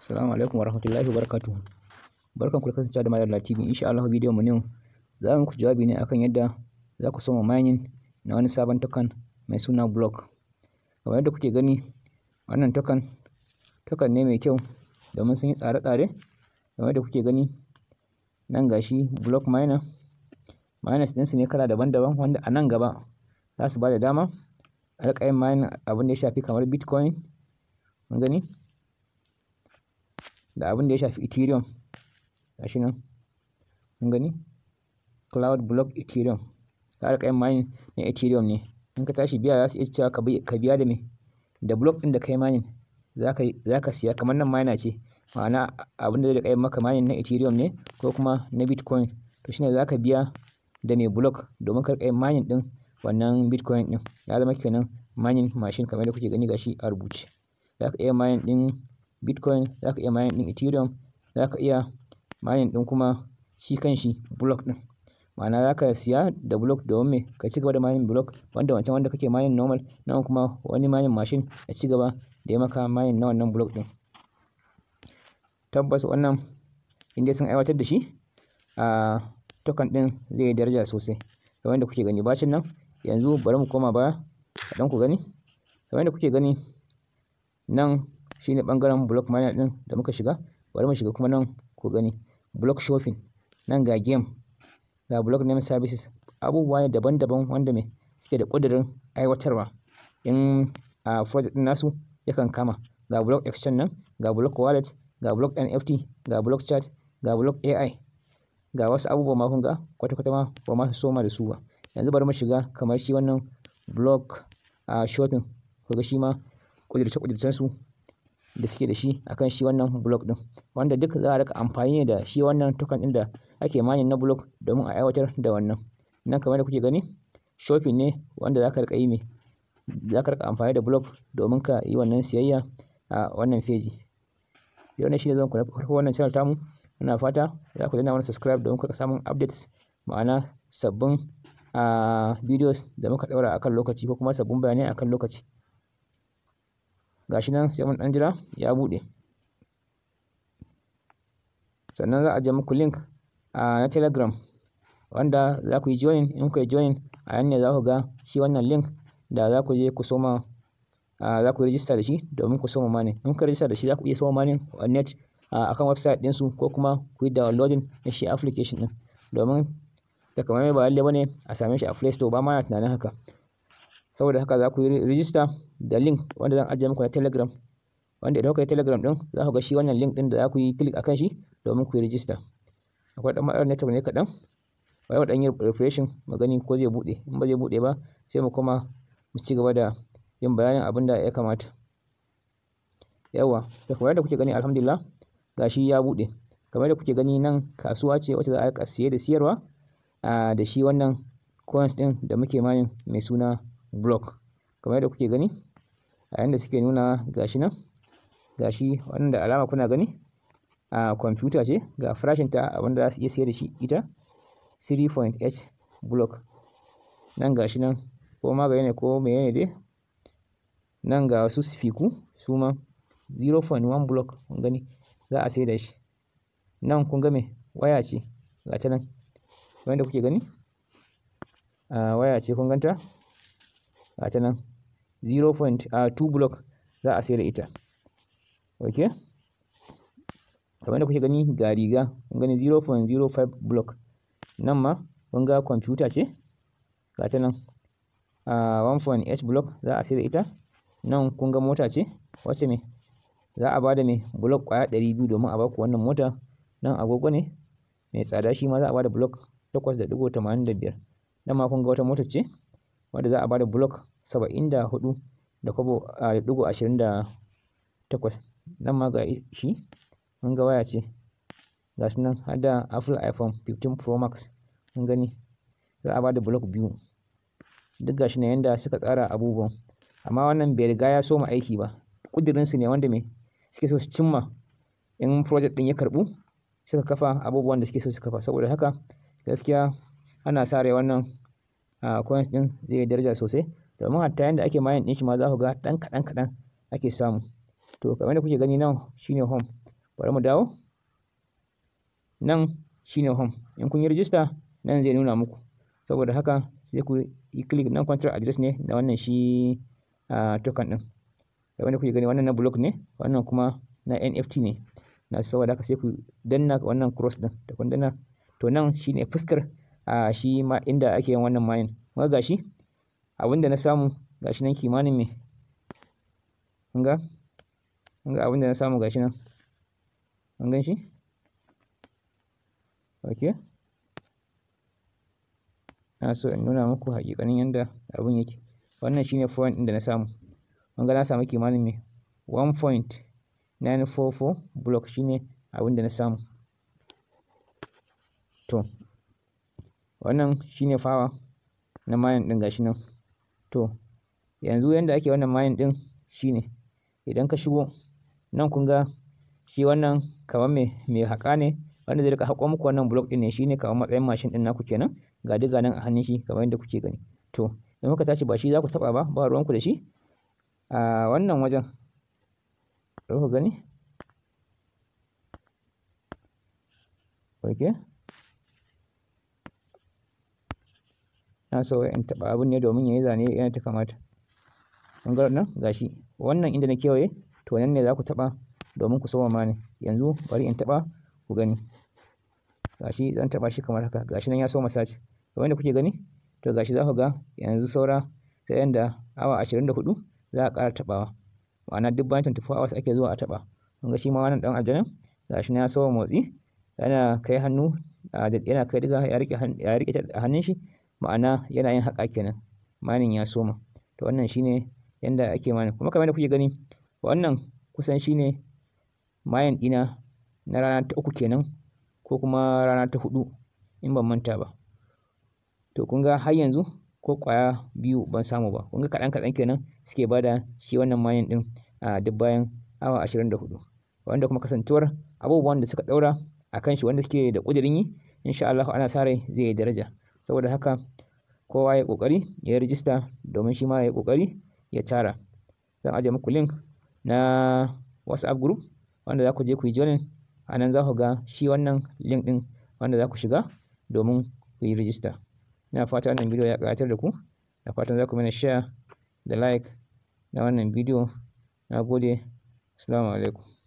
Assalamu alaikum warahmatullahi wabarakatuh. Barkan ku da kasancewa da Malam Latibi. Insha Allah bidiyon mu ne za mu ku jawabi ne akan yadda za ku soma mining na wani sabon token mai suna block. Kamar yadda kuke gani wannan token token ne mai kyau domin sun yi tsare-tsare kamar yadda kuke gani nan gashi block miner miners ɗinsu ne kala daban-daban wanda a nan gaba za su ba da dama a riƙa yin mining abin da ya shafi kamar bitcoin mun gani da abin da ya shafi ethereum shi nan mun gani cloud block ethereum ka rika yin mining na ethereum ne in ka tashi biya za su iya cewa ka biya da me da block din da kai mining za ka siya kamar nan miner ce ma'ana abin da zai rika maka mining na ethereum ne ko kuma na bitcoin to shine za biya da me block domin ka rika yin mining din wannan bitcoin din ya zama kenan mining machine kamar da kuke gani gashi a rubuce za ka iya mining din bitcoin za ka iya mining ɗin ethereum za ka iya mining ɗin kuma shi kanshi block ɗin ma'ana za ka siya da block domin me ka ci gaba da mining block wanda wancan wanda kake mining normal nan kuma wani mining machine ya ci gaba da ya maka mining na wannan block ɗin tabbas wannan inda sun aiwatar da shi a token ɗin zai yi daraja sosai kamar yadda kuke gani bacin nan yanzu bari mu koma baya kaɗan ku gani kamar yadda kuke gani nan shine bangaren block miner din da muka shiga bari mu shiga kuma nan ku gani block shopping nan ga game ga block name services abubuwa ne daban-daban wanda me suke da kudirin aiwatarwa in a project din nasu yakan kama ga block exchange nan ga block wallet ga block NFT ga block chat ga block AI ga wasu abubuwa ma kun ga kwata-kwata ma ba ma su soma da su ba yanzu bari mu shiga kamar shi wannan block a shopping ko ga shi ma kudirce-kudircen su da suke da shi akan shi wannan blog din wanda duk za a rika amfani da shi wannan tukan din da ake manyan na blog domin a aiwatar da wannan nan kamar da kuke gani shopping ne wanda za ka rika yi mai za rika amfani da blog domin ka yi wannan siyayya a wannan feji yau ne shi ne zan kula farko wannan channel tamu muna fata za ku danna wani subscribe domin kuka samun updates ma'ana sabbin a ah, videos da muka daura akan lokaci ko kuma sabbin bayanai akan lokaci gashi nan sai mun ɗan jira ya bude sannan za a je muku link a na telegram wanda za ku yi join in ku yi join a yanne za ku ga shi wannan link da za ku je ku soma za ku register da shi domin ku soma mani in ku register da shi za ku iya soma mani a net a kan website ɗinsu ko kuma ku yi downloading na shi application ɗin domin da kamar mai ba lalle bane a same shi a play store ba ma na tunanin haka saboda haka za ku yi rijista da link wanda zan ajiye muku na telegram wanda idan kuka yi telegram din za ku ga shi wannan link din da za ku yi click akan shi domin ku yi rijista akwai dan matsalar network ne kaɗan wai mu dan yi refreshing mu ko zai bude in ba zai buɗe ba sai mu koma mu ci gaba da yin bayanin abin da ya kamata yawa da kamar yadda kuke gani alhamdulillah gashi ya buɗe kamar yadda kuke gani nan kasuwa ce wacce za a rika siye da siyarwa ah, da shi wannan coins din da muke manin mai suna block kamar yadda kuke gani a yanda suke nuna gashi nan gashi wanda alama kuna gani a computer ce ga farashinta abinda za su iya sayar da shi ita 3.h block nan gashi nan ko magani ne ko menene dai nan ga wasu sifiku su ma 0.1 block kun gani za a sayar da shi nan kun ga me waya ce gata nan wanda kuke gani a waya ce kun ganta gata nan 0.2 ah, block za a sayar ita ok kamar da kuke gani ga riga kun gani 0.05 block nan ma kun ga computer ce gata nan a ah, 1.8 block za a sayar ita nan kun ga mota ce wacce ne za a bada mai block kwaya 200 domin a baku wannan mota nan agogo ne mai tsada shi ma za a bada block 8.85 nan ma kun ga wata mota ce wanda za a bada block saba'in da hudu da kwabo a digo ashirin da takwas nan ma ga shi mun ga waya ce ga shi nan har da apple iphone 15 pro max mun gani za a da block biyu duk ga shi na yanda suka tsara abubuwan amma wannan bai riga ya soma aiki ba su ne wanda me suke so su cimma in project ɗin ya karɓu suka kafa abubuwan da suke so su kafa saboda haka gaskiya ana sare wannan coins din zai yi daraja sosai domin hatta yanda ake mayan ɗin shi ma za ku ga ɗan kaɗan kaɗan ake samu to kamar da kuke gani nan shine home bari mu dawo nan shine home in kun yi rijista nan zai nuna muku saboda haka sai ku yi click nan control address ne na wannan shi token din kamar da kuke gani wannan na block ne wannan kuma na NFT ne na saboda haka sai ku danna wannan cross din da kun danna to nan shine fuskar a shi ma inda ake yin wannan mining kuma gashi abinda na samu gashi nan kimanin me kun ga kun ga abinda na samu gashi nan kun gan shi ok na so in nuna muku hakikanin yanda abin yake wannan shine point ɗin da na samu kun ga na samu kimanin me 1.944 block shine abin da na samu to wannan shine fawa na mayan ɗin gashi nan to yanzu yanda ake wannan mayan ɗin shi ne, idan ka shigo nan kun ga shi wannan kamar mai mai haƙa ne wanda zai rika haƙo muku wannan bulok ɗin ne shi ne kamar matsayin mashin ɗin naku kenan ga diga nan a hannun shi kamar yadda kuke gani to idan kuka tashi ba shi za ku taɓa ba ba ruwanku da shi a wannan wajen ku gani okay na so in taɓa abin ne domin ya zane yana ta kamata kun ga nan gashi wannan inda na kewaye to nan ne za ku taba domin ku soma mani ne yanzu bari in taba ku gani gashi zan taɓa shi kamar haka gashi nan ya soma sace kamar kuke gani to gashi za ku ga yanzu saura sai yanda awa 24 za a ƙara taɓawa ma'ana duk bayan 24 hours ake zuwa a taɓa kun ga shi ma wannan dan aljanin gashi na ya soma motsi yana kai hannu yana kai diga ya rike hannun shi ma'ana yana yin haƙa kenan manin ya soma to wannan shine yanda ake manin kuma kamar yadda kuke gani wannan kusan shine mayan ɗina na rana ta uku kenan ko kuma rana ta huɗu in ban manta ba to kun ga har yanzu ko ƙwaya biyu ban samu ba kun ga kaɗan kaɗan kenan suke bada shi wannan mayan ɗin a duk bayan awa ashirin da hudu wanda kuma kasantuwar abubuwan da suka ɗaura a kan shi wanda suke da ƙudurin yi insha Allah ana sa rai zai yi daraja saboda haka kowa ya kokari ya rijista domin shi ma ya kokari ya tara zan aje muku link na whatsapp group wanda za ku je ku yi joinin a nan za ku ga shi wannan link ɗin wanda za ku shiga domin ku yi rijista ina fata wannan bidiyo ya ƙayatar da ku da fatan za ku mana share da like na wannan bidiyo na gode assalamu alaikum